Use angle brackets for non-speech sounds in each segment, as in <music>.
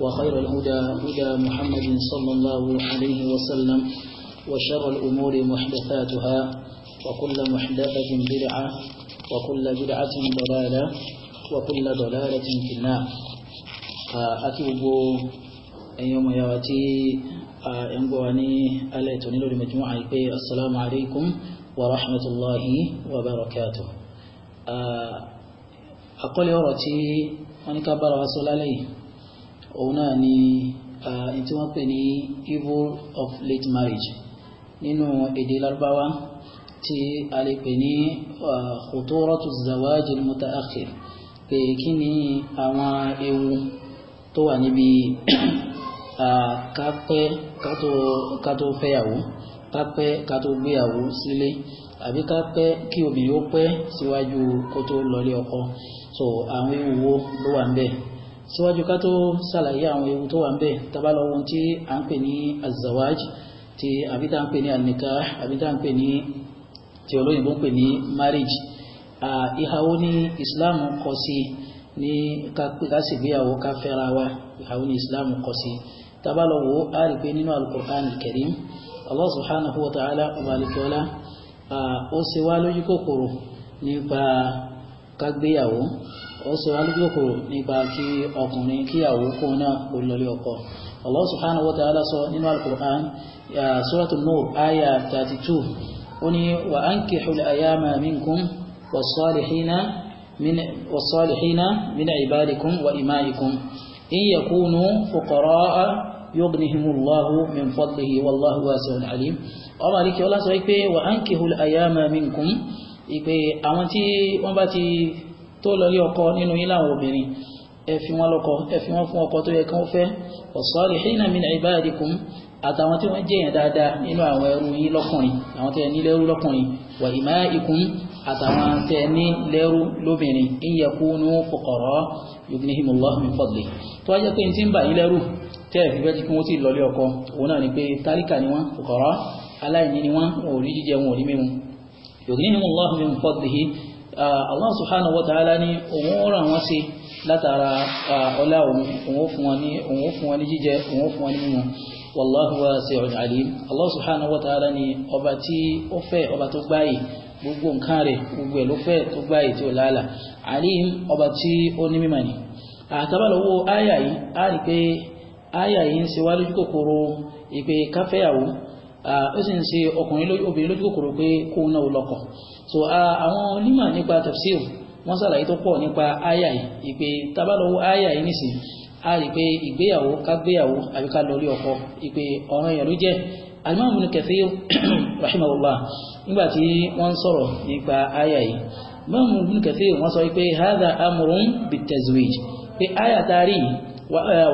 وخير الهدى هدى محمد صلى الله عليه وسلم وشر الأمور محدثاتها وكل محدثة بدعة وكل بدعة ضلالة وكل ضلالة في النار أتوب أيوم يواتي أنبواني ألا تنيل المجموعة السلام عليكم ورحمة الله وبركاته أقول يورتي أنك برا صلى عليه òun náà ni ẹni tí wọ́n pè ní evil of late marriage nínú èdè lárúbáwá tí a lè pè ní khuturatu zawaji mutaakhir pé kí ni àwọn ewu tó wà níbi kápẹ́ kátó fẹ́yàwó kápẹ́ kátó gbéyàwó sílé àbí kápẹ́ kí obìnrin ó pẹ́ síwájú kó lọlé ọkọ so àwọn ewu wo ló wà ń bẹ́ẹ̀ síwájú ká tó ṣàlàyé àwọn ewu tó wà ń bẹ̀ tábà ohun tí à ń pè ní azawaj ti abita tá à ń pè ní anika àbí ń pè ní tí olóyìnbó ń pè ní marriage ìhàwó ní Islam kọ sí ní kásìgbéyàwó ká fẹ́ra wa ìhàwó ní Islam kọ sí tábà lọ wo á rí pé nínú al-Qur'an Allah subhanahu wa ta'ala ọba alikiola ó ṣe wá lójú kòkòrò nípa kágbéyàwó ó ṣe wá lójú kòkòrò nípa kí ọkùnrin kíyàwó kó náà kó lọlé ọkọ Allah subhanahu wa ta'ala sọ nínú al-Qur'an suratul Nur aya 32 ó ní wa ankihul ayama minkum was-salihina min was-salihina min ibadikum wa imaikum in yakunu fuqara'a yughnihimullahu min fadlihi wallahu wasi'un alim ọba àríkẹ́ ọlá sọ wípé wa ankihul ayama minkum ìpè àwọn tí wọ́n bá ti tó lọ rí ọkọ nínú yín láwọn obìnrin ẹ fi wọn lọ́kọ ẹ fi wọn fún ọkọ tó yẹ kí wọn fẹ́ ọ̀sọ́lihina min ibadikum àtàwọn tí wọ́n jẹ́ yẹn dáadáa nínú àwọn ẹrú yín lọ́kùnrin àwọn tẹ̀ ní lẹ́rú lọ́kùnrin wa imaikum àtàwọn tẹ̀ ní lẹ́rú lóbìnrin in yakunu fuqara yughnihimullahu min fadli tó wájú pé tí ń bà yín lẹ́rú tẹ́ ẹ̀ fi fẹ́ kí wọ́n ti lọlé ọkọ òun náà ni pé tálíkà ni wọ́n fuqara aláìní ni wọ́n wọn ò rí jíjẹ wọn ò rí mímu yughnihimullahu min fadlihi Uh, Allah subhanahu wa ta'ala ní òun ràn wọ́n sí látara uh, ọlá òun òun fún wọn ní òun fún wọn ní jíjẹ òun fún wọn ní mímu wallahu wasi'un alim Allah subhanahu wa ta'ala ní ọba tí ó fẹ́ ọba tó gbáyì gbogbo nǹkan rẹ̀ gbogbo ẹ̀ ló fẹ́ tó gbáyì tí ó lálà alim ọba tí ó ní mímọ̀ ni àtàbàlówó áyà yìí á rí pé áyà yìí ń ṣe wá lójú kòkòrò ìpè káfẹ́yàwó uh, ó sì ń ṣe ọkùnrin obìnrin lójú kòkòrò pé kóun so àwọn onímọ̀ nípa tafsir wọ́n sàlàyé tó pọ̀ nípa àyà yìí ìpè tabalọ́wọ́ àyà yìí nìsín a rí pé ìgbéyàwó kágbéyàwó àbí ká lórí ọkọ ìpè ọ̀ràn yẹn ló jẹ́ alimami ibn Kathir <coughs> rahimahullah nígbà tí wọ́n sọ̀rọ̀ nípa àyà yìí alimami ibn Kathir wọ́n sọ pé hadha amrun bitazwij pé àyà taari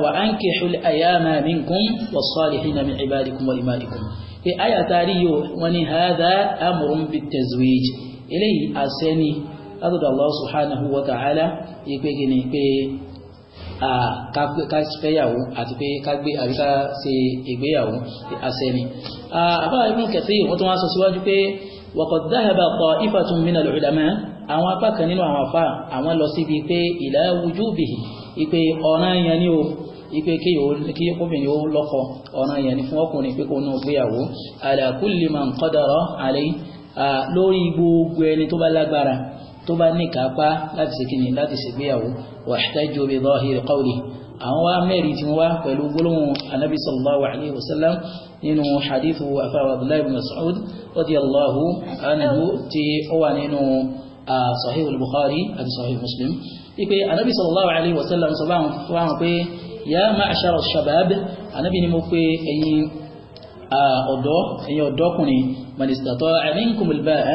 wa ankihu ayama minkum was-salihina min ibadikum wa imaikum pé àyà tá a rí yóò wọ́n ní hadha amrun bit tazwij eléyìí àṣẹ ni látọ̀dọ̀ Allah subhanahu wa ta'ala yìí pé kí ni pé ká fẹ́yàwó àti pé ká gbé àbí ká ṣe ìgbéyàwó àṣẹ ni. àbáwá Ibn Kathir wọ́n tún wá sọ síwájú pé wa qad dhahaba ta'ifatun minal ulama àwọn apá kan nínú àwọn afá àwọn lọ síbi pé ila wujubihi ìpè ọ̀ràn yẹn ni o ipe kí obìnrin ó lọ́kọ ọ̀ràn yẹn ni fún ọkùnrin pé kó náà gbéyàwó ala kulli man qadara alayhi lórí gbogbo ẹni tó bá lágbára tó bá ní kápá láti ṣe kíni láti ṣe gbéyàwó wahtajju bi zahiri qawli àwọn wá mẹ́rin tí wá pẹ̀lú gbólóhùn anábì sallallahu alayhi wa sallam nínú hadithu afáwà abdullahi bin mas'ud radiyallahu anhu tí ó wà nínú sahih al-bukhari àti sahih muslim ipe anábì sallallahu alayhi wa sallam sọ báwọn pé yá ma'ashara shabab anábì ni mo pé ẹ̀yin ọ̀dọ́ ẹ̀yin ọ̀dọ́kùnrin man istata'a minkum al-ba'a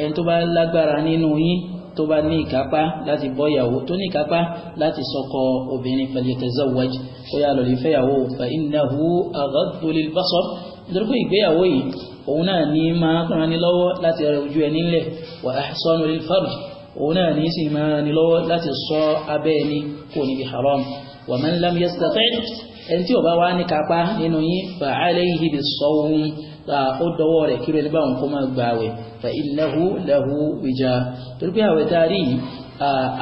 ẹni tó bá lágbára nínú yín tó bá ní ìkápá láti bọ́ ìyàwó tó ní ìkápá láti sọkọ obìnrin falyatazawwaj ó yá lọ lè fẹ́yàwó fa innahu aghaddu lil-basar nítorí pé ìgbéyàwó yìí òun náà ní máa ràn ní lọ́wọ́ láti rẹ ojú ẹni ńlẹ̀ wa ahsanu lil-farj òun náà ní sì máa ràn ní lọ́wọ́ láti ṣọ́ abẹ́ ẹni kò níbi haram wa man lam yastati' ẹni tí ò bá wá ní kápá nínú yín fa alayhi bis-sawm ó dọwọ́ rẹ̀ kí ló ní báwọn kó máa gba àwẹ̀ fa innahu lahu wija torí pé àwẹ̀ tá a rí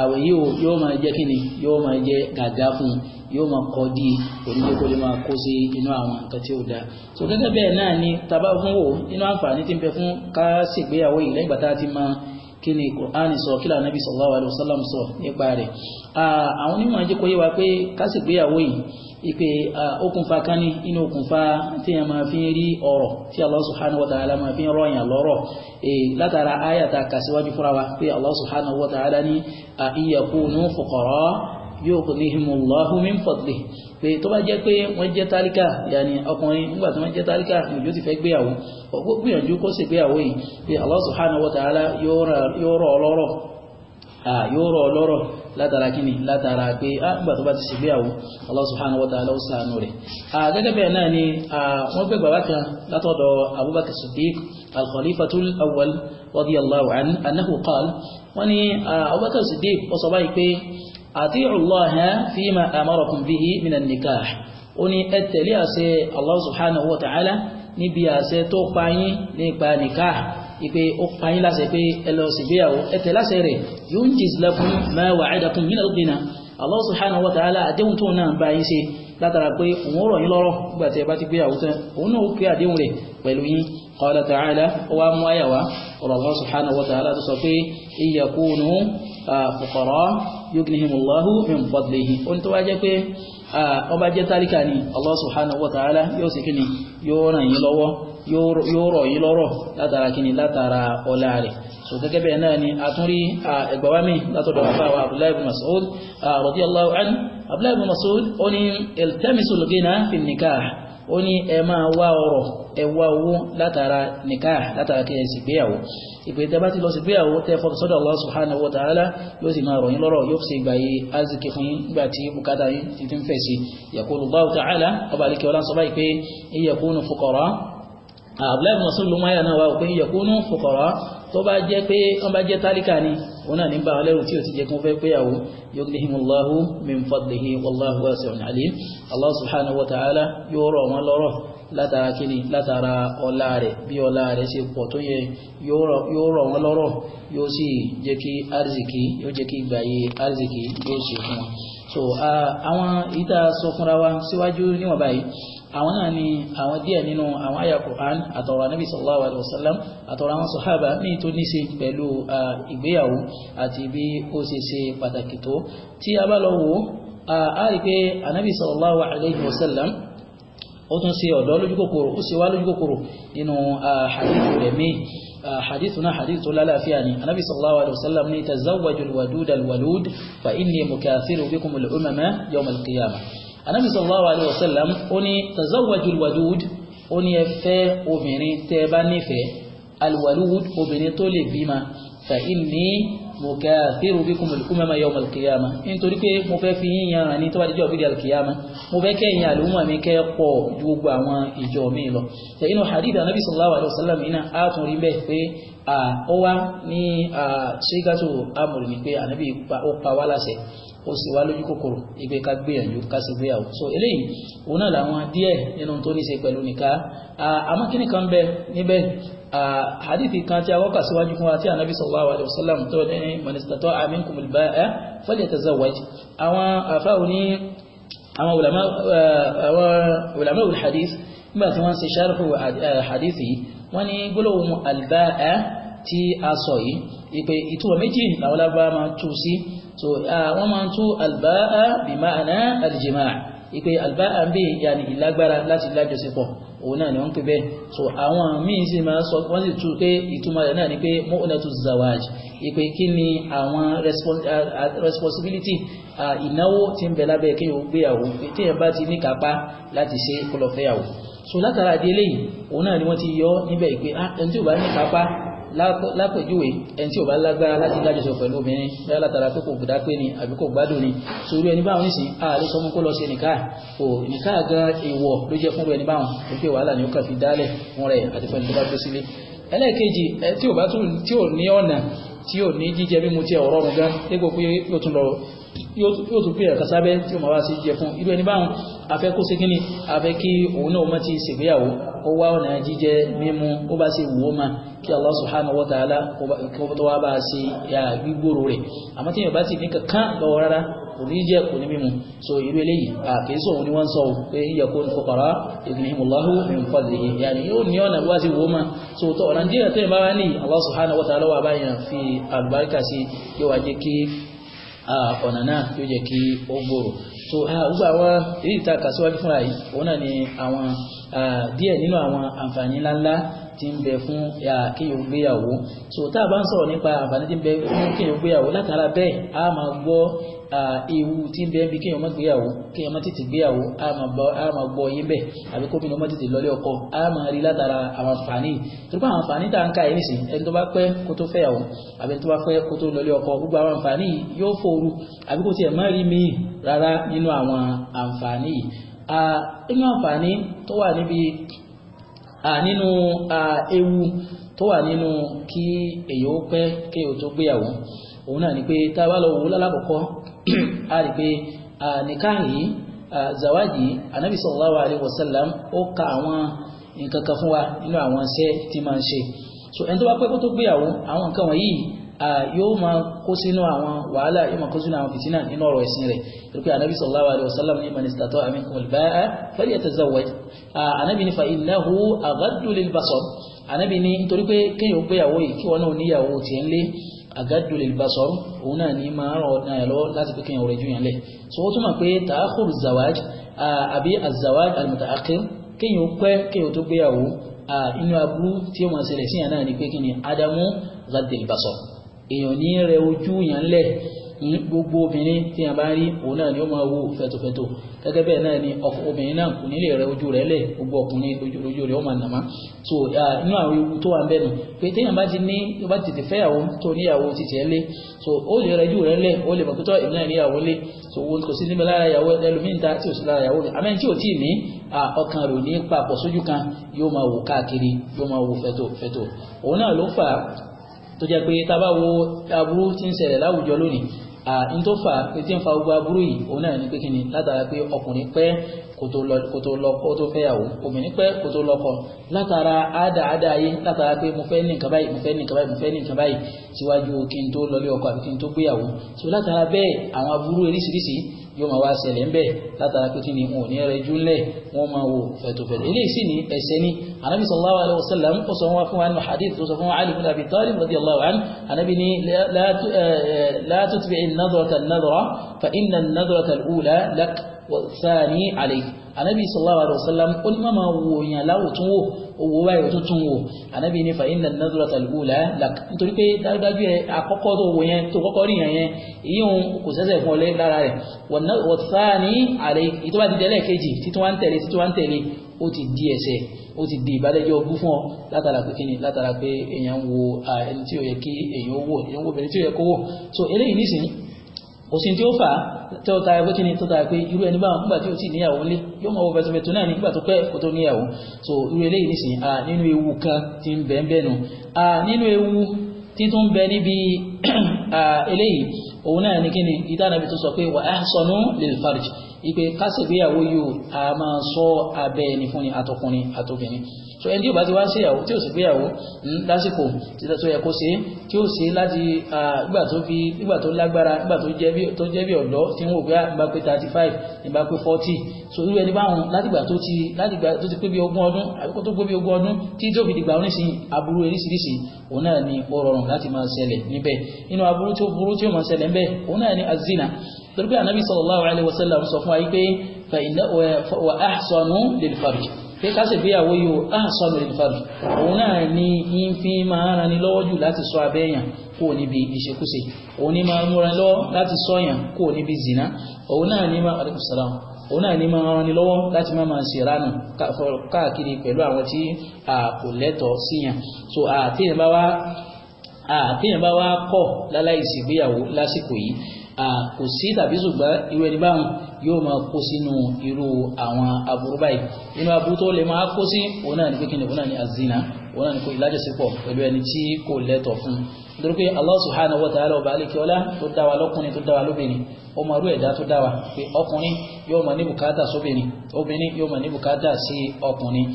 àwẹ̀ yìí yóò máa jẹ́ kíni yóò máa jẹ́ gàgá fún yóò máa kọ́ di onídékòlé máa kó sí inú àwọn nǹkan tí ó dáa so gẹ́gẹ́ bẹ́ẹ̀ náà ni tàbá fún wò nínú àǹfààní tí ń bẹ fún ká ṣègbéyàwó yìí lẹ́gbàá kí ni Kùránì sọ kí lànà bí sallallahu alaihi wasallam sọ nípa rẹ̀ àwọn onímọ̀ ajé kò yé wa pé kásìgbéyàwó yìí ipe okùnfà kan ní inú okùnfà tí a máa fi rí ọ̀rọ̀ tí Allah subhanahu wa ta'ala máa fi rọ̀yàn lọ́rọ̀ látara ayàtà kàṣíwájú fúnra wa pé Allah subhanahu wa ta'ala ní iyakunu fuqara yughnihimullahu min fadlihi pé tó bá jẹ́ pé wọ́n jẹ́ tálíkà yàní ọkùnrin nígbà tí wọ́n jẹ́ tálíkà ìjọ ti fẹ́ gbéyàwó ọgbó gbìyànjú kó sì gbéyàwó yìí pé Allah subhanahu wa ta'ala yóò rọ̀ ọlọ́rọ̀ yóò rọ̀ ọlọ́rọ̀ látara kíni látara pé a ń gbà tó bá ti ṣègbéyàwó Allah subhanahu wa ta'ala ó ṣàánú rẹ̀. gẹ́gẹ́ bẹ́ẹ̀ náà ni wọ́n gbé bàbá kan látọ̀dọ̀ Abubakar Siddiq al awwal radiyallahu anahu qal wọ́n ní Abubakar Siddiq ó báyìí pé ati'u Allaha fima amarakum bihi minan nikah ó ní ẹ tẹ̀lé àṣẹ Allah subhanahu wa ta'ala níbi àṣẹ tó pa yín nípa nikah ipe ó pa yín láṣẹ pé ẹ lọ ṣègbéyàwó ẹ tẹ̀lé àṣẹ rẹ̀ yunjiz lakum ma wa'adakum minal ghina Allah subhanahu wa ta'ala àdéhùn tó náà bá yín ṣe látara yughnihimullahu min fadlihi ohun tó wá jẹ́ pé ọba jẹ́ tálíkà ni Allah subhanahu wa ta'ala yóò sì kíni yóò ràn yín lọ́wọ́ yóò rọ̀ yín lọ́rọ̀ látara kíni látara ọlá rẹ̀ so gẹ́gẹ́ bẹ́ẹ̀ náà ni a tún rí ẹgbàwá mi látọ̀dọ̀ àfáwà abdullahi ibn mas'ud radiyallahu anhu abdullahi ibn mas'ud ó ní iltamisul ghina fin nikah ó ní ẹ máa wá ọrọ̀ ẹ wá owó látara nikah látara kí ẹ sì gbéyàwó ìpè tẹ bá ti lọ sí gbéyàwó tẹ fọ sọ́dọ̀ Allah subhanahu wa ta'ala yóò sì máa rọ̀ yín lọ́rọ̀ yóò sì gbà yí azikì fún yín nígbà tí bùkátà yín ti fi ń fẹ̀ sí yaqulu Allahu ta'ala ọba àlekẹ́ ọlá sọ báyìí pé iyakunu fuqara abdullahi masu náà wà pé iyakunu fuqara tó bá jẹ́ pé wọ́n bá jẹ́ tálíkà ni wọn ní bá wọn lẹ́rù tí ò ti jẹ́ kún fẹ́ péyàwó yughnihimullahu min fadlihi wallahu wasi'un alim allah subhanahu wa ta'ala yóò rọ̀ wọn lọ́rọ̀ látara kíni látara ọlá rẹ̀ bí ọlá rẹ̀ ṣe pọ̀ tó yẹ arziki yóò jẹ́ kí arziki yóò ṣe so àwọn ìta sọ fúnra wa síwájú níwọ̀n báyìí àwọn náà ni àwọn díẹ̀ nínú àwọn àyà Qur'an àtọ̀rọ̀ anábì sallallahu alaihi wasallam àtọ̀rọ̀ àwọn sọ̀hábà ní tó ní ṣe pẹ̀lú ìgbéyàwó àti bí ó ṣe ṣe pàtàkì tó tí a bá lọ wò á rí pé anábì sallallahu alaihi ó tún ṣe ọ̀dọ́ lójúkòkòrò ó ṣe wá lójúkòkòrò nínú hadithu rẹ̀ míì حديثنا حديث لا لا في يعني النبي صلى الله عليه وسلم ني تزوج الودود الولود فإني مكاثر بكم الأمم يوم القيامة anábì sallallahu alaihi wasallam ó ní tazawwajul wadud ó ní ẹ fẹ́ obìnrin tẹ́ ẹ bá nífẹ̀ẹ́ alwalud obìnrin tó lè bímọ fa inni mukathiru bikum al-umama yawm al-qiyamah nítorí pé mo fẹ́ fi yín yan àní tó bá dijọ́ bíi al-qiyamah mo fẹ́ kẹ́yìn àlùmọ́ mi kẹ́ pọ̀ ju gbogbo àwọn ìjọ mi lọ ṣe inú hadith anabi sallallahu alaihi wasallam iná a rí bẹ́ẹ̀ pé ó ní ṣígàtò amòrì ni pé anabi ó pa wá láṣẹ ó sì wá lójú kòkòrò ìgbé ká gbìyànjú ká sì gbéyàwó so eléyìí òun náà làwọn díẹ̀ nínú tó ní í ṣe pẹ̀lú nìka àmọ́ kíní kan bẹ níbẹ̀ hadithi kan tí a wọ́kà síwájú fún wa tí anabi sallallahu alayhi wa sallam tó ní manistata aminkumul ba'a falyatazawwaj àwọn afáwọn ní àwọn ulama àwọn ulama hadith nígbà tí wọ́n ń ṣe sharhu hadithi wọ́n ní gbólóhùn al tí a sọ yìí ìpè ìtumọ̀ méjì làwọn lábá máa tú sí so wọ́n máa tú albáà bí ma'ana aljimaa ìpè albáà ń bè yàní ìlágbára láti lájọsípọ̀ òun náà ni wọ́n pè bẹ́ẹ̀ so àwọn míì sì máa sọ wọ́n sì tú pé ìtumọ̀ rẹ̀ náà ni pé mọ́ọ̀nẹ́tù zawaj ìpè kí ni àwọn responsibility ìnáwó tí ń bẹ lábẹ́ kí o gbéyàwó tí èèyàn bá ti ní kápá láti ṣe kọlọ̀fẹ́yàwó so látara di eléyìí òun náà ni wọ́n ti yọ níbẹ̀ ìpè ah ẹni tí ò bá ní kápá lápẹ̀júwe ẹni tí ò bá lágbára láti dájọsọ pẹ̀lú obìnrin bẹ́ẹ̀ látara pé kò gbọ́dá pé ni àbí kò gbádùn ni sórí ẹni báwọn nísìn ààrẹ sọ mú kó lọ sí nìká ò nìká gan èèwọ̀ ló jẹ́ fún ẹni báwọn ó pé wàhálà ni ó kà fi dálẹ̀ fún rẹ̀ àti fún ẹni tó bá gbé sílé ẹlẹ́ẹ̀kejì tí ò bá tún tí ò ní ọ̀nà tí ò ní jíjẹ mímu tí ọ̀rọ̀ ọ̀run yóò tún pèrè kàsábẹ́ tí o máa wá sí jẹ fún irú ẹni báwọn afẹ́ kó ségíní afẹ́ kí òun náà mọ́ ti ṣègbéyàwó ó wá ọ̀nà jíjẹ mímu ó bá ṣe wò ó ma kí Allah subhanahu wa ta'ala tó wá bá ṣe gbígbòrò rẹ̀ àmọ́ tí yóò bá ti ní kankan lọ́wọ́ rárá kò ní jẹ́ kò ní mímu so irú eléyìí àkèésí òun ni wọ́n ń pé yakun fuqara ní ọ̀nà bí wá sí wò ó ma so ọ̀nà ọ̀nà náà yóò jẹ́ kí ó gbòòrò so gbogbo àwọn èyí ìta kàṣíwájú fúnra yìí òun náà ni àwọn díẹ̀ nínú àwọn àǹfààní ńláńlá tí ń bẹ fún kéèyàn gbéyàwó so tá a bá ń sọ̀rọ̀ nípa àǹfààní tí ń bẹ fún kéèyàn gbéyàwó látara bẹ́ẹ̀ a máa gbọ́ ewu tí ń bẹ bí kéèyàn má gbéyàwó kéèyàn má tètè gbéyàwó a máa gbọ́ yín bẹ́ẹ̀ àbí kófin ọmọ tètè lọ́lé ọkọ a máa rí látara àwọn àǹfààní torí pé àwọn àǹfààní tá à ń ka yìí nìsín ẹni tó bá pẹ́ kó tó fẹ́yàwó àbí tó bá pẹ́ kó tó lọ́lé ọkọ gbogbo àwọn àǹfààní yìí nínú ewu tó wà nínú kí èyí ó pẹ́ kí o tó gbéyàwó òun náà ni pé tá a bá lọ wò ó lálàkọ̀kọ́ a rí pé nìkan yìí zawaji anabi sallallahu alayhi wa sallam ó ka àwọn nǹkan kan fún wa nínú àwọn iṣẹ́ tí máa ń ṣe so ẹni tó bá pẹ́ kó tó gbéyàwó àwọn nǹkan wọ̀nyí yóò máa kó sínú àwọn wàhálà yóò máa kó sínú àwọn fìtínà nínú ọ̀rọ̀ ẹ̀sìn rẹ̀ torípé anabi sallallahu alayhi wa sallam ní man istata'a minkum al-ba'a falyatazawwaj anabi ní fa innahu aghaddu lil-basar anabi ní nítorí pé kéèyàn gbéyàwó yìí kí wọn náà níyàwó tiẹ̀ ń lé aghaddu lil-basar òun náà ní máa rọ̀ náà lọ láti pé kéèyàn rẹ̀ ju yàn lẹ̀ so ó túmọ̀ pé ta'akhkhuru zawaj àbí az-zawaj al kéèyàn pẹ́ kéèyàn tó gbéyàwó inú aburú tí ó máa ṣẹlẹ̀ síyàn náà ni pé kí ni adamu aghaddu èèyàn ní rẹ ojú yàn lẹ̀ hmm, gbogbo obìnrin tí a bá rí òun náà ni ó máa wo fẹ̀tọ̀fẹ̀tọ̀ gẹ́gẹ́ bẹ́ẹ̀ náà ni obìnrin náà kò nílè rẹ ojú rẹ̀ lẹ̀ gbogbo ọkùnrin ojú rẹ̀ ó máa nàmá so inú àwọn ewu tó wà ń bẹ̀nu pé téèyàn bá ti ní bá ti tètè fẹ́yàwó tó níyàwó ti tiẹ̀ lé so ó lè rẹ ojú rẹ̀ lẹ̀ ó lè mọ̀kútọ́ èmi náà níyàwó lé so wọn kò sí níbi lára ìyàwó ẹlòmíín ta tí ò sí lára ìyàwó rẹ̀ àmẹ́ tí ò tí ì ní ọkàn rò ní papọ̀ sójú kan yóò máa wò káàkiri yóò máa wò fẹ̀tọ̀fẹ̀tọ̀ òun náà ló fà tó jẹ́ pé tá a bá wo aburú tí ń ṣẹlẹ̀ láwùjọ lónìí à ń tó fà pé tí ń fa gbogbo aburú yìí òun náà ní pé kí ni látara pé ọkùnrin pẹ́ kó tó fẹ́yàwó obìnrin pẹ́ kó tó lọ́kọ Ada àdáadá ayé látara pé mo fẹ́ ní nǹkan báyìí mo fẹ́ ní nǹkan báyìí mo fẹ́ ní nǹkan báyìí síwájú kí n tó lọlé ọkọ àbí kí n tó gbéyàwó so látara bẹ́ẹ̀ àwọn aburú eríṣiríṣi yóò máa wá ṣẹlẹ̀ ń bẹ̀ látara pé kí ni wọn ò ní rẹ júlẹ̀ wọn máa wo fẹ̀tọ̀fẹ̀tọ̀ eléyìí sì ni ẹ̀ṣẹ̀ ni anabi sallallahu alayhi wa sallam ó sọ wọn fún wa nínú hadith tó sọ fún wa ali bin abi talib radiyallahu anhu anabi ni eh, eh, la tutbi'i an-nadrata an-nadrata fa inna an-nadrata lak wọ̀sáàní àlè anábì sallallahu alaihi wasallam ó ní máa wo èèyàn láwò tún wò owó báyìí ó tún tún wò anábì ní fàyín nà nàdúrà tàlùkù là lak nítorí pé dájúdájú ẹ àkọ́kọ́ tó wò yẹn tó kọ́kọ́ rí yẹn yẹn èyí òun kò sẹ́sẹ̀ fún ọlẹ́ lára rẹ̀ wọ̀sáàní àlè ìtọ́ba ti dẹ́lẹ̀ kejì títún wá ń tẹ̀lé títún wá ń tẹ̀lé ó ti di ẹ̀ṣẹ̀ ó ti di ìbálẹ́jọ́ ogún fún ọ látara pé kíni látara pé èèyàn wo ẹni tí ó yẹ kí èèyàn wò èèyàn wò bẹ̀rẹ̀ tí ó yẹ kó wò so eléyìí nísìnyí kò sí tí ó fà á tẹ́ ọ̀ta ẹgbẹ́ kí ni tó dáa pé irú ẹni báwọn nígbà tí ó sì níyàwó nílé yóò mọ̀ ọ̀fẹ́ sọ̀fẹ́ náà nígbà tó pẹ́ kó tó níyàwó so irú eléyìí nìsín a nínú ewu kan tí ń bẹ ń bẹ nù a nínú ewu tí tó ń bẹ níbi <clears throat> eléyìí òun náà ní kí ni ìdánabi tó sọ pé wà á sọnù lil farj ìpè kásìgbéyàwó yìí a máa sọ abẹ́ ẹni fún ni àtọkùnrin àtobìnrin so ẹni tí ò bá ti wá sí ìyàwó tí ò sì gbéyàwó hmm, lásìkò tó yẹ kó ṣe tí ó ṣe láti nígbà tó fi nígbà tó lágbára nígbà tó jẹ́ bí ọ̀dọ́ tí ń wò pé nígbà ah, pé thirty five nígbà pé forty so irú ẹni báwọn látìgbà tó ti látìgbà tó ti pé bí ogún ọdún àbíkó tó pé bí ogún ọdún tí tó fi dìgbà oníṣìí aburú eríṣiríṣi òun náà ni ó rọrùn láti máa ṣẹlẹ̀ níbẹ̀ nínú aburú tí ó burú tí ó máa ṣẹlẹ̀ níbẹ̀ òun náà ni azina torí pé anabi sallallahu alayhi wa sallam sọ fún wa yìí pé fa iná wa ahsanu lil farj pé ká ṣègbéyàwó yóò ahsan al-farj òun náà ni yín fi máa ran ni lọ́wọ́ jù láti sọ abẹ́yàn kó o níbi ìṣekúṣe òun ni máa múra lọ́wọ́ láti sọ̀yàn kó o níbi zina òun náà ni máa alaikum salaam òun náà ní máa ran ni lọ́wọ́ láti máa máa ṣe ránù káàkiri pẹ̀lú àwọn tí a kò lẹ́tọ̀ọ́ síyàn so àtẹ̀yìn bá wá kọ̀ láláì ṣègbéyàwó lásìkò yìí kò sí tàbí ṣùgbọ́n irú ẹni báwọn yóò máa kó sínú irú àwọn aburú báyìí inú aburú tó lè máa kó sí òun náà ní pé kí ni òun náà ní azina òun náà ní kó ìlájọsípọ̀ pẹ̀lú ẹni tí kò lẹ́tọ̀ fún un nítorí pé Allah subhanahu wa ta'ala ọba alékiọlá tó dáwà lọ́kùnrin tó dáwà lóbìnrin ó mọ irú ẹ̀dá tó dáwà pé ọkùnrin yóò mọ ní bùkátà sóbìnrin obìnrin yóò mọ ní bùkátà sí ọkùnrin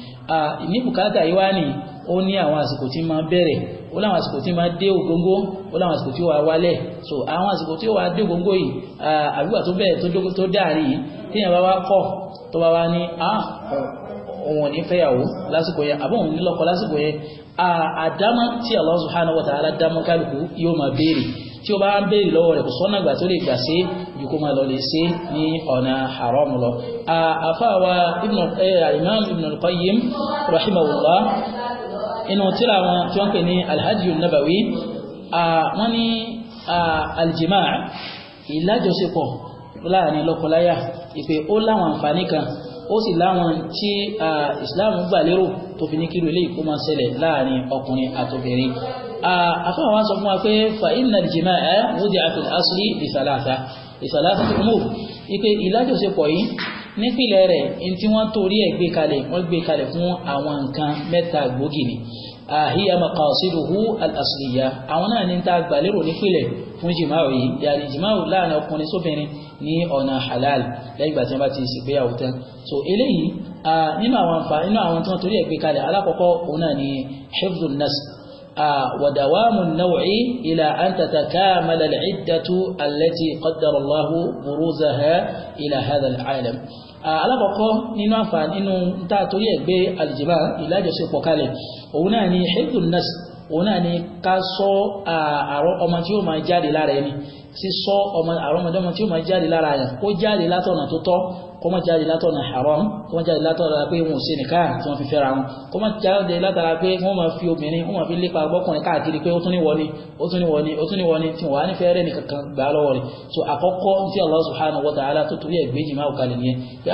ní bùkátà yìí wá ní ó ní àwọn àsìkò tí máa bẹ̀rẹ̀ ó láwọn àsìkò tí máa dé ògóngó ó láwọn àsìkò tí ó wà wálẹ̀ so àwọn àsìkò tí ó wà dé ògóngó yìí àbígbà tó bẹ̀rẹ̀ tó dáàrí yìí téèyàn bá wá kọ̀ tó bá wá ní ah, òun ní fẹ́yàwó lásìkò yẹn àbọ̀n ní lọ́kọ lásìkò yẹn àdámá tí Allah subhanahu wa ta'ala dámú kálukú yóò máa béèrè tí o bá ń béèrè lọ́wọ́ rẹ̀ kò sọ́nà àgbà tó lè gbà sí ju kó máa lọ lè ṣe ní ọ̀nà haram lọ. àfàwà imam ibn al-qayyim rahimahullah inú tíra wọn tí wọ́n pè ní alhaji nabawi wọ́n ní aljimaa ìlàjọsepọ̀ láàrin lọ́kọláya ìpè ó láwọn àǹfààní kan ó sì láwọn tí islam gbà lérò tó fi ní kí eléyìí kó máa ṣẹlẹ̀ láàrin ọkùnrin àtòbìnrin àfáà wa sọ fún wa pé fa inna al-jima'a wudi'a fil asli bi thalatha ìsàlásí umur ipe ìlájọsepọ̀ yìí nípìnlẹ̀ rẹ̀ ní tí wọ́n torí ẹ̀ gbé kalẹ̀ wọ́n gbé kalẹ̀ fún àwọn nǹkan mẹ́ta gbòógì ni Ah, hiya maqasiduhu al-asliya àwọn náà ní ta gbà lérò fún jìmáwò yìí yàrá jìmáwò láàrin ọkùnrin sóbìnrin ní ọ̀nà halal lẹ́yìn ìgbà tí wọ́n bá ti ṣègbéyàwó tán so eléyìí ah, nínú àwọn àǹfà nínú àwọn tí wọ́n torí ẹ̀ gbé kalẹ̀ alákọ̀ọ́kọ́ òun náà ni hifdhun nasl ودوام النوع إلى أن تتكامل العدة التي قدر الله بروزها إلى هذا العالم Ah, alákọ̀ọ́kọ́ nínú àǹfà nínú tá a torí ẹ̀ gbé àlìjìbá ìlàjọsepọ̀ kalẹ̀ òun náà ni hezbollah òun náà ni ká sọ ah, àrọ ọmọ tí ó máa jáde lára ẹni sísọ àrọ́mọdọ́mọ tí ó máa jáde lára yẹn kó jáde látọ̀nà tó tọ́ kó má jáde látọ̀nà haram kó má jáde látọ̀nà pé wọn ò ṣe nìkan tí wọ́n fi fẹ́ra wọn kó má jáde látara pé wọ́n máa fi obìnrin wọ́n máa fi lépa gbọ́kùnrin káàkiri pé ó tún ní wọlé ó tún ní wọlé ó tún ní wọlé tí wọ́n á ní fẹ́rẹ́ nìkankan gbà lọ́wọ́ rẹ̀ so àkọ́kọ́ tí Allah subhanahu wa ta'ala tó torí ẹ̀ gbéjì máa kalẹ̀ nìyẹn bí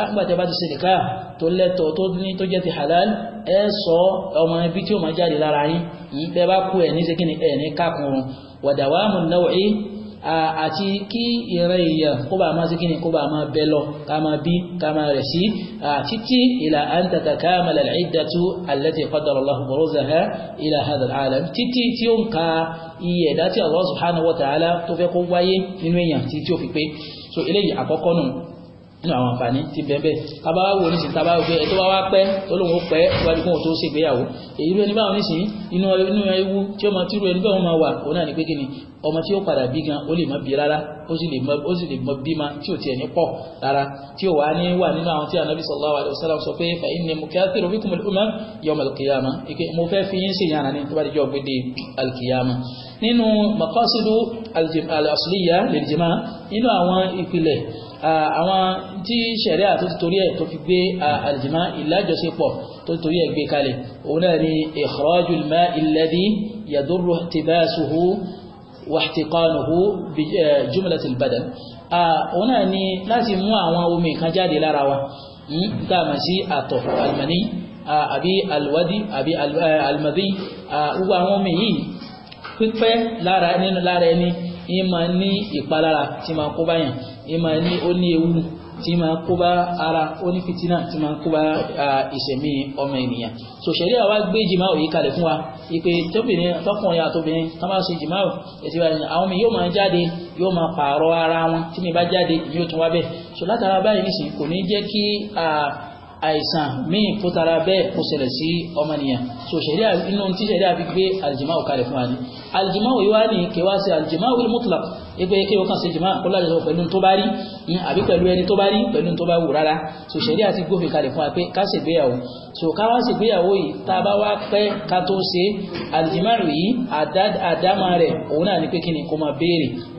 a ń bá ti àti kí ìran èèyàn kó bá máa sí kí ni kó bá máa bẹ lọ ká máa bí ká máa rẹ̀ sí títí ìlà àǹtàkà ká máa lẹ̀ ìdàtú allati qaddara Allahu buruzaha ila hadha alam títí tí ó ń ka iye ẹ̀dá tí subhanahu wa ta'ala tó fẹ́ kó wáyé nínú èèyàn títí ó fi pé so eléyìí àkọ́kọ́ nù nínú àwọn àǹfààní ti bẹ́ẹ̀ tábà wò ní sìn tábà gbé ẹtọ́ wá pẹ́ tó lóun ó pẹ́ wájú kóhun tó ṣègbéyàwó èyí ló ní báwọn ní sìn inú inú ewu tí ọmọ tí irú ẹni bẹ́ẹ̀ wọ́n máa wà òun náà ní pé kí ni ọmọ tí ó padà bí gan ó lè má bí rárá ó sì lè mọ bí ma tí ò tiẹ̀ ní pọ̀ rárá tí ò wá ní wà nínú àwọn tí anabi sallallahu alaihi àwọn ìpìlẹ̀ àwọn tí ṣẹ̀ríà tó ti torí ẹ̀ tó fi gbé àlìjìmá ìlájọsípọ̀ tó ti torí ẹ̀ gbé kalẹ̀ òun náà ni ikhrajul ma'i alladhi yadurru ihtibasuhu wàtíkọ́nùhú bí jùmọ̀lẹ̀tì ìbàdàn òun náà ni láti mú àwọn omi kan jáde lára wa dáàmà hmm, sí àtọ̀ almani àbí alwadi àbí almadi gbogbo àwọn omi yìí pípẹ́ lára ẹni yín máa ní ìpalára tí máa kó báyàn yín máa ní ó ní ewu tí máa kó bá ara ó ní fìtínà tí máa kó bá ìṣẹ̀mí ọmọ ènìyàn so ṣẹ̀ríà wa gbé jìmáwò yìí kalẹ̀ fún wa ìpè tóbìnrin tọkùnrin àtobìnrin tó máa ṣe jìmáwò ètò ìbáraẹni àwọn mi yóò máa jáde yóò máa pààrọ̀ ara wọn tí mi bá jáde mi tún wá bẹ́ẹ̀ so látara báyìí nísìnyí kò ní jẹ́ kí àìsàn míì tó tara bẹ́ẹ̀ kó ṣẹlẹ̀ sí ọmọnìyàn so ṣẹ̀ríà inú tí ṣẹ̀ríà fi gbé alìjìmáwò kalẹ̀ fún wa ní alìjìmáwò yíwá ní kẹwàá sí alìjìmáwò ní mutlaq ẹgbẹ́ kí o kàn sí jìmá kó lájọ sọ pẹ̀lú tó bá rí àbí pẹ̀lú ẹni tó bá rí pẹ̀lú tó bá wù rárá so ṣẹ̀ríà ti gbófin kalẹ̀ fún wa pé ká ṣègbéyàwó so ká wá ṣègbéyàwó yìí tá a bá wá pẹ́ ká tó ṣe alìjìmáwò yìí àdámà rẹ̀ òun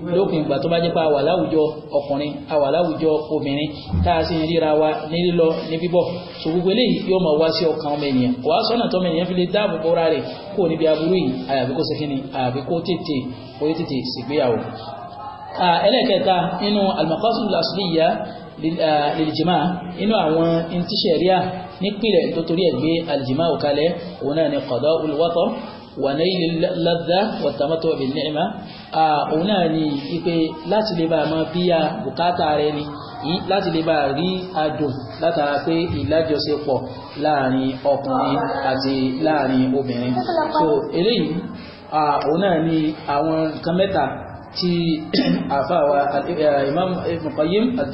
lópin ìgbà tó bá jẹ́ pé àwà láwùjọ ọkùnrin àwà láwùjọ obìnrin tá a sì ń ríra wa ní lílọ ní bíbọ̀ so gbogbo eléyìí yóò máa wá sí ọkàn ọmọ ènìyàn wà á sọ́nà tọ́mọ ènìyàn fi lè dáàbò bóra rẹ̀ kó níbi aburú yìí àyàfi kó sẹ́kìnì àyàfi kó tètè kó tètè ṣègbéyàwó. ẹlẹ́kẹta nínú al-maqasid al lèlìjìmá inú àwọn intíṣẹ̀ríà nípìnlẹ̀ tó torí ẹ̀gbé àlìjìmá òkalẹ̀ òun náà ni qada'ul watar wà lẹ́yìn lọ́dá wàtàmọ́tò ìnìyàn òun náà ni ipe láti lè bá a máa bí a bùkátà rẹ ni láti lè bá a rí adùn látara pé ìlájọsepọ̀ láàrin ọkùnrin àti láàrin obìnrin so eléyìí òun náà ni àwọn nǹkan mẹ́ta tí <clears throat> àfáà wa Imam Ibn Qayyim al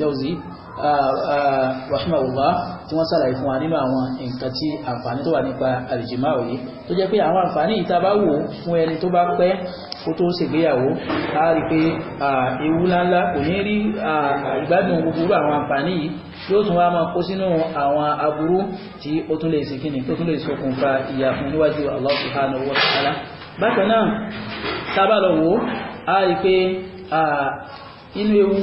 rahimahullah tí wọ́n sàlàyé fún wa nínú àwọn nǹkan tí àǹfààní tó wà nípa àlìjìmá òye tó jẹ́ pé àwọn àǹfààní ìta bá wò fún ẹni tó bá pẹ́ kó tó ṣègbéyàwó a rí pé ewu ńláńlá kò ní rí ìgbádùn gbogbo àwọn àǹfààní yìí yóò tún wá máa kó sínú àwọn aburú tí ó tún lè ṣe kíni tó tún lè ṣokùnfà ìyà fún níwájú Allah nínú ewu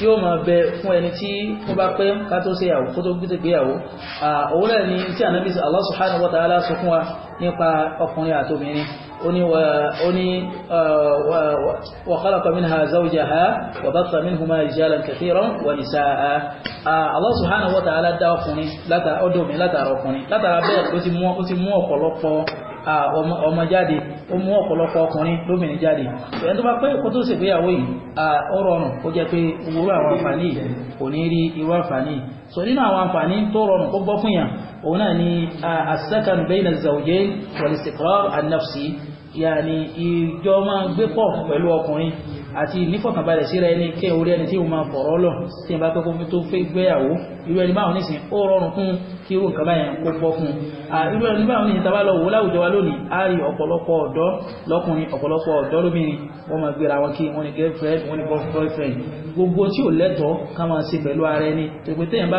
tí ó máa bẹ fún ẹni tí wọ́n bá pẹ́ ká tó ṣe ìyàwó kó tó gbé ìgbéyàwó òun náà ni tí ànábì Allah subhanahu wa ta'ala sọ fún wa nípa ọkùnrin àtòmìnrin ó ní wa khalaqa minha zawjaha wa batha minhuma rijalan kathiran wa nisaa Allah subhanahu wa ọkùnrin látara ọdún mi látara ọkùnrin látara bẹ́ẹ̀ ó ti mú ọ̀pọ̀lọpọ̀ ọmọ jáde ó mú ọ̀pọ̀lọpọ̀ ọkùnrin lóbìnrin jáde ẹni tó bá pé kó tó ṣe ìgbéyàwó yìí ó rọrùn ó jẹ́ pé owó àwọn àǹfààní kò ní rí irú àǹfààní so nínú àwọn àǹfààní tó rọrùn kó gbọ́ fún yàn òun náà ni as-sakanu bayna az-zawjayn wal-istiqrar an-nafsi yàní ìjọ máa gbé pọ̀ pẹ̀lú ọkùnrin àti nífọ̀kànbalẹ̀ síra ẹni kẹ́ orí ẹni tí ó máa fọ̀rọ̀ lọ tí ẹ bá pẹ́ kófin tó fẹ́ gbéyàwó irú ẹni báwọn nísìn ó rọrùn fún kí irú nǹkan báyẹn kó bọ́ fún irú ẹni báwọn nísìn tábà lọ wò láwùjọ wa lónìí a rí ọ̀pọ̀lọpọ̀ ọ̀dọ́ lọ́kùnrin ọ̀pọ̀lọpọ̀ ọ̀dọ́ lóbìnrin wọ́n máa gbéra wọn kí wọ́n ní girlfriend wọ́n ní boyfriend gbogbo tí ò lẹ́tọ̀ọ́ ká máa ṣe pẹ̀lú ara ẹni tòpẹ́ téèyàn bá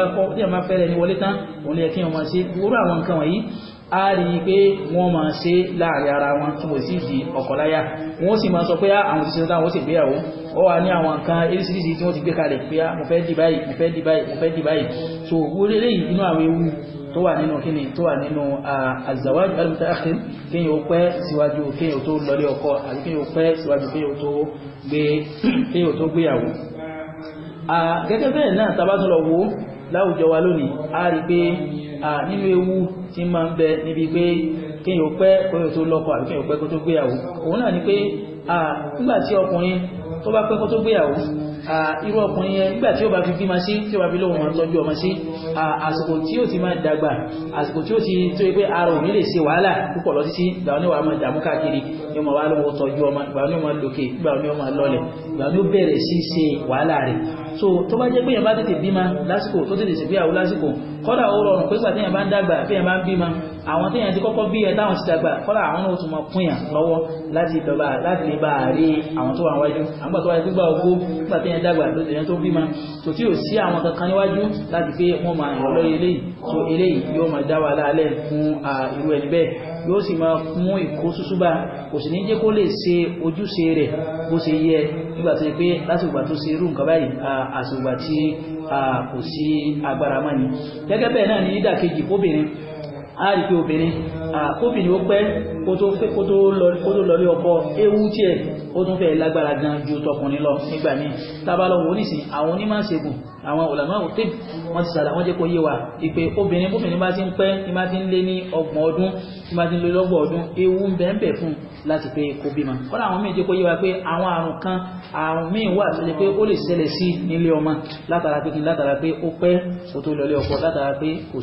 fẹ́rẹ̀ ẹni wọlé tán òun a rí i pé wọ́n máa ṣe láàrin ara wọn tí wọ́n sì di ọ̀kọ̀láyà wọ́n sì máa sọ pé ah, àwọn òṣìṣẹ́ táwọn sì gbéyàwó ó wà ní àwọn nǹkan eréṣiríṣi tí wọ́n ti gbé kalẹ̀ pé ah, mo fẹ́ di mo fẹ́ di mo fẹ́ di báyìí so wọ́n eléyìí inú àwọn ewu tó wà nínú kíni tó wà nínú azawaj al-mutaakhir kéèyàn ó pẹ́ síwájú kéèyàn tó lọlé ọkọ àti kéèyàn ó pẹ́ síwájú kéèyàn tó gbé kéèyàn tó gbéyàwó. gẹ́gẹ́ bẹ́ẹ̀ náà tabatọ́lọ̀ wo a rí tí máa ń bẹ níbi pé kéèyàn pẹ́ kóyò tó lọ́kọ àbí kéèyàn pẹ́ kó tó gbéyàwó òun náà ni pé nígbà tí ọkùnrin tó bá pẹ́ kó tó gbéyàwó irú ọkùnrin yẹn nígbà tí ó bá fi bímọ sí tí ó bá fi lóhun wọn tọ́jú ọmọ sí àsìkò tí ó ti máa dàgbà àsìkò tí ó ti tó yẹ pé ara òun lè ṣe wàhálà púpọ̀ lọ títí làwọn oníwàá máa dààmú káàkiri yóò máa wá lọ́wọ́ tọ́jú ọmọ ìgbà ní ọmọ lòkè ìgbà ní ọmọ lọ́lẹ̀ ìgbà ní ó bẹ̀rẹ̀ sí ṣe wàhálà rẹ̀ so tó bá jẹ́ pé yẹn bá tètè bímọ lásìkò tó tètè sì fíyàwó lásìkò kọ́dà ó rọrùn pé pàtẹ́yìn bá ń dàgbà fíyàn bá ń bímọ àwọn téèyàn ti kọ́kọ́ bí ẹ táwọn ti dàgbà kọ́lá àwọn náà tún máa kún yàn lọ́wọ́ láti dọ̀bà láti lè bá a rí àwọn tó wà wájú àgbà tó wájú gbígbà ogó nígbà téèyàn dàgbà ló tẹ̀yàn tó bímọ tó tí ò sí àwọn kankan níwájú láti pé wọ́n máa yàn lórí eléyìí tó eléyìí yóò máa dá wàhálà alẹ́ fún irú ẹni bẹ́ẹ̀ yóò sì máa mú ìkó súsú bá kò sì ní jẹ́ kó lè ṣe ojúṣe rẹ̀ bó ṣe yẹ nígbà tó yẹ pé láti ìgbà tó ṣe irú nǹkan báyìí àsìgbà tí kò sí agbára mọ́ ni gẹ́gẹ́ bẹ́ẹ̀ náà ní dídàkejì fóbìnrin a rí pé obìnrin àkóbìnrin ó pẹ́ kó tó lọlé ọkọ ewu tiẹ̀ ó tún fẹ́ lágbára gan ju tọkùnrin lọ nígbà míì tábàlọ́wọ́ oníṣìn àwọn onímọ̀-ṣègùn àwọn ọ̀làmọ́ òtí wọ́n ti sàdá wọ́n jẹ́ kó yé wa ìpè obìnrin bóbìnrin bá ti ń pẹ́ ní bá ti ń lé ní ọgbọ̀n ọdún ní bá ti ń lé lọ́gbọ̀n ọdún ewu ń bẹ́ẹ̀ bẹ́ẹ̀ fún un láti pé kó bímọ kọ́nà àwọn míì jẹ́ kó yé wa pé àwọn àrùn kan àrùn míì wà tó lè pé ó lè ṣẹlẹ̀ sí nílé ọmọ látara pé kí látara pé ó pẹ́ kó tó lọlé ọkọ látara pé kò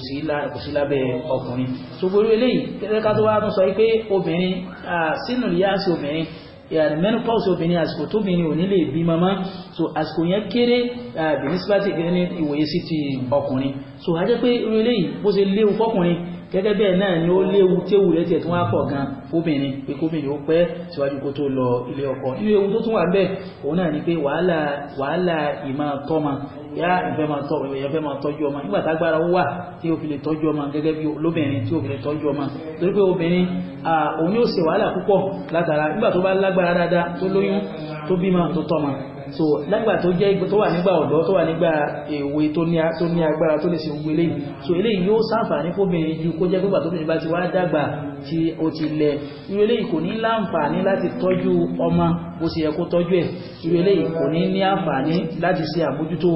sí lábẹ́ ọkùnrin ṣùgbọ́n eléyìí kẹ́kẹ́ ká tó wá tún sọ pé obìnrin sínú ìyá sí obìnrin yàrá menopause obìnrin àsìkò tóbìnrin ò ní bí mama so àsìkò yẹn kéré benin sípàtì ní ìwòye sí ti ọkùnrin so a jẹ́ pé irú eléyìí bó ṣe léwu fọkùnrin gẹ́gẹ́ bẹ́ẹ̀ náà ni ó léwu téwu rẹ̀ tiẹ̀ tí wọ́n á pọ̀ gan fóbìnrin pé kóbìnrin ó pẹ́ síwájú kó tó lọ ilé ọkọ inú ewu tó tún wà bẹ́ẹ̀ òun náà ni pé wàhálà wàhálà ìmọ̀ tọ́mọ yá ìfẹ́ máa tọ́ ìyẹn fẹ́ máa tọ́jú ọmọ nígbà tágbára ó wà tí o fi lè tọ́jú ọmọ gẹ́gẹ́ bí lóbìnrin tí o fi lè tọ́jú ọmọ torí pé obìnrin òun yóò ṣe wàhálà púpọ̀ látara nígbà tó bá lágbára dáadáa tó lóyún tó bímọ tó tọ́mọ so lágbà tó jẹ́ tó wà nígbà ọ̀dọ́ tó wà nígbà èwe tó ní agbára tó lè ṣe gbogbo eléyìí so eléyìí yóò ṣàǹfààní fóbìnrin ju kó jẹ́ pé pàtó bìnrin bá ti wá dàgbà tí ó ti lẹ̀ irú eléyìí kò ní láǹfààní láti tọ́jú ọmọ bó ṣe yẹ kó tọ́jú ẹ̀ irú eléyìí kò ní ní àǹfààní láti ṣe àmójútó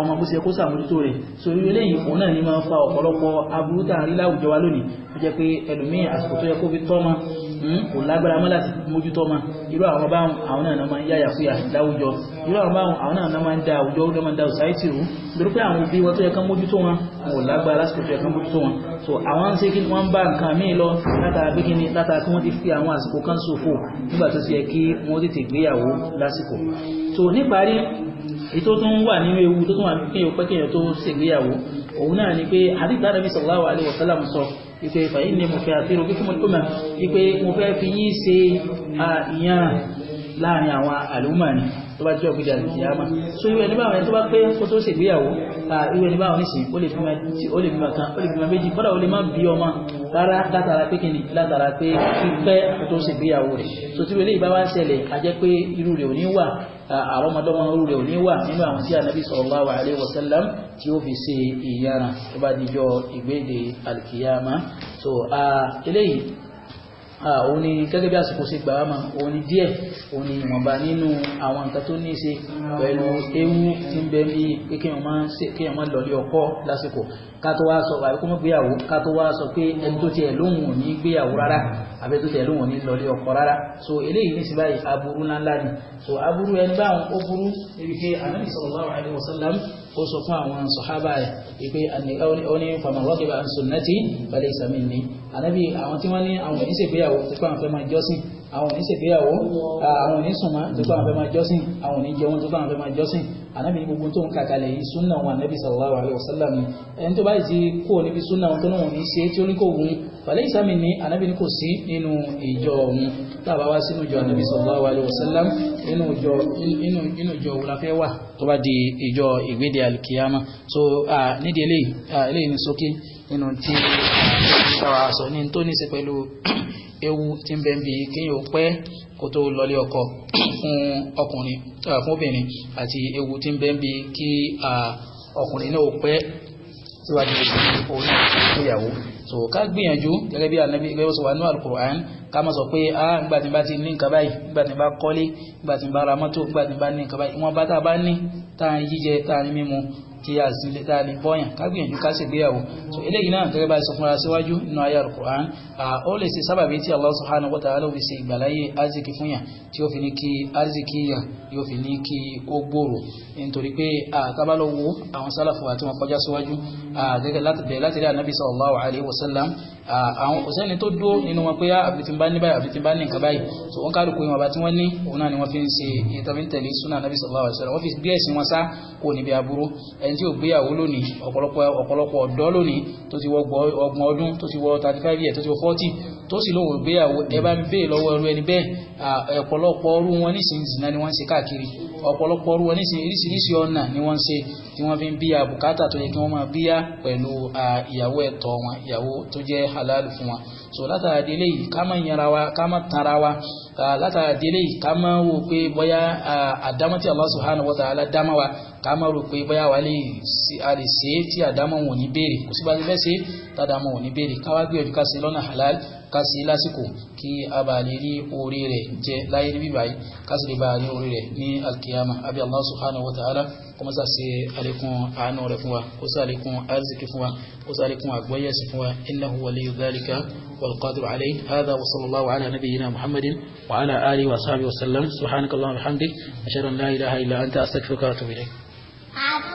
ọmọ bó ṣe yẹ kó ṣàmójútó rẹ̀ so irú eléyìí òun náà ní máa ń fa ọ̀pọ̀lọpọ̀ aburú tààrí láwùjọ wa lónìí tó jẹ́ pé ẹlòmíì àsìkò tó yẹ kó fi tọ́ ọmọ kò lágbára mọ́ láti mójútó ma irú àwọn báwọn àwọn náà máa ń yáyà fúyà láwùjọ irú àwọn báwọn àwọn náà máa ń da àwùjọ ló máa ń da society rú lórí pé àwọn òbí wọn tó yẹ kán mójútó wọn kò lágbára lásìkò tó yẹ kán mójútó wọn so àwọn ń ṣe kí wọ́n ń bá nǹkan míì lọ látara pé kí ni látara kí wọ́n ti fi àwọn àsìkò kan ṣòfò nígbà tó ti yẹ kí wọ́n tètè gbéyàwó lásìkò so níparí ètò tó ń wà nínú ewu tó tún wà kéèyàn pé kéèyàn tó ṣègbéyàwó òun náà ni pé àdìgbà nàbí sallallahu alaihi wasallam sọ ìpè fàyín ni mo fẹ́ àfihàn bí kí mo tó mọ̀ ìpè mo fẹ́ fi yín ṣe ìyára láàrin àwọn àlùmọ̀ ni tó bá jẹ́ òkúta àti ìyá mà so ìwé ẹni báwọn ẹni tó bá pé kó tó ṣègbéyàwó irú ẹni báwọn nísìn ó lè fi máa kan ó lè fi máa méjì kọ́dà ó lè máa bí ọmọ rárá látara pé kíni látara pé pípẹ́ tó sì gbéyàwó rẹ̀ so tí wọlé ìbá wá ń ṣẹlẹ̀ a jẹ́ pé irú rẹ̀ ò ní wà àrọ́mọdọ́mọ irú rẹ̀ ò ní wà nínú àwọn tí Ànábì sallallahu alaihi wasallam tí ó fi ṣe ìyára tó bá dijọ́ ìgbéde alkiyama so eléyìí Ah, òun ni gẹ́gẹ́ bí àsìkò ṣe gbà wá mọ́ òun ni díẹ̀ òun ni ìwọ̀nba nínú àwọn nǹkan tó ní í ṣe pẹ̀lú ewu tí ń bẹ bí pé kéèyàn máa ṣe kéèyàn máa lọlé ọkọ lásìkò ká wá sọ àbíkú mọ́ gbéyàwó ká wá sọ pé ẹni tó tiẹ̀ lóhùn ò ní gbéyàwó rárá àbí tó tiẹ̀ lóhùn ò ní lọlé ọkọ rárá so eléyìí ní síbáyìí aburú ńláńlá ni so aburú ẹni báwọn ó burú ebi ké Ànábì sallallahu alaihi wasallam ó sọ fún àwọn sọ̀hábà ẹ̀ ìpé oní fàmàlọ́kì bá ń sunnati balẹ̀ ìsàmì ní ànábì àwọn tí wọ́n ní àwọn ìṣègbéyàwó ti fún fẹ́ máa jọ́sìn àwọn ò ní ṣègbéyàwó àwọn ò ní sùnmọ́ tó kọ́ àwọn fẹ́ máa jọ́sìn àwọn ò ní jẹun tó kọ́ àwọn máa jọ́sìn ànábì ní gbogbo tó ń kàkàlẹ̀ yìí súnà wọn ànábì sallallahu alaihi wasallam ni ẹni tó báyìí ti kó níbi súnà wọn tó náà ní ṣe tí ó ní kò wù ú fàlẹ́ ìsàmì ni ànábì ní kò sí nínú ìjọ òun tábà wá sínú ìjọ ànábì sallallahu alaihi wasallam nínú ìjọ òun la fẹ́ wà tó bá di ìjọ ìgbéde alkiyama so nídìí eléyìí eléyìí ní sókè nínú tí ìjọba àṣọ ní tó ní ewu tí ń bẹ bí kéèyàn pẹ́ kó tó lọlé ọkọ <coughs> fún ọkùnrin fún obìnrin àti ewu tí ń bẹ bí kí ọkùnrin náà pẹ́ síwájú òun náà níyàwó so ká gbìyànjú gẹ́gẹ́ bí anabi gẹ́gẹ́ bí sọ wà ní alukur'an ká má sọ pé a ah, nígbà tí n bá ti ní nǹkan báyìí nígbà tí n bá kọ́lé nígbà tí n bá ra mọ́tò nígbà tí n bá ní nǹkan báyìí wọn bá tá a bá ní tá a jíjẹ tá a ní mímu kí a sì lè tá a lè bọ́yàn ká gbìyànjú ká sì gbéyàwó so eléyìí náà gẹ́gẹ́ bá sọ fúnra síwájú nínú ayé alukur'an ó lè ṣe sábàbí tí Allah subhanahu wa ta'ala fi ṣe ìgbàláyé arziki fún yàn tí ó fi ní kí arziki yàn yóò fi ní kí ó gbòòrò nítorí pé àtàbálòwò àwọn sálàfù àti wọn kọjá síwájú gẹ́gẹ́ láti bẹ̀rẹ̀ láti rí ànábì sallallahu alaihi wasallam wasallam àwọn òsẹ́ni tó dúró nínú wọn pé ah, àfitì bá ní báyìí àfitì bá ní nǹkan báyìí so wọ́n kálukú ìwọ̀n bá tí wọ́n ní òun náà ni wọ́n fi ń ṣe ìtàfin tẹ̀lé súnà nàbí sallallahu alaihi wasallam wọ́n fi gbé ẹ̀sìn wọn sá kò níbi aburú ẹni tí ò gbéyàwó lónìí ọ̀pọ̀lọpọ̀ ọ̀dọ́ lónìí tó ti wọ tó sì lóun ìgbéyàwó ẹ bá ń béè lọ́wọ́ ẹrú ẹni bẹ́ẹ̀ ọ̀pọ̀lọpọ̀ ọrú wọn nísìnyí zìnà ni wọ́n ń ṣe káàkiri ọ̀pọ̀lọpọ̀ ọrú wọn nísìnyí oríṣiríṣi ọ̀nà ni wọ́n ń ṣe tí wọ́n fi ń bíyà bùkátà tó yẹ kí wọ́n máa bíyà pẹ̀lú ìyàwó ẹ̀tọ́ wọn ìyàwó tó jẹ́ halal fún wa so látara délé yìí ká má yanra wa ká má tanra wa látara délé yìí ká má wò pé bóyá àdámọ́ tí Allah subhanahu wa ta'ala dámọ́ wa ká má rò pé bóyá wà lè ṣe tí àdámọ́ wọn ní béèrè kò sí bá ti fẹ́ ṣe tàdámọ́ wọn ní béèrè ká gbìyànjú ká ṣe lọ́nà halal ká ṣe lásìkò kí a bá lè rí oore rẹ̀ jẹ láyé níbí báyìí ká sì lè bá rí oore rẹ̀ ní alkiyama abi Allah subhanahu wa ta'ala kó mọ́sá sí àlékún àánú rẹ̀ fún wa kó sá àlékún arziki fún wa kó sá àlékún àgbọ́yẹ̀sì fún wa innahu waliyu dhalika والقادر عليه هذا وصلى الله على نبينا محمد وعلى آله وصحبه وسلم سبحانك اللهم وبحمدك أشهد أن لا إله إلا أنت أستغفرك وأتوب إليك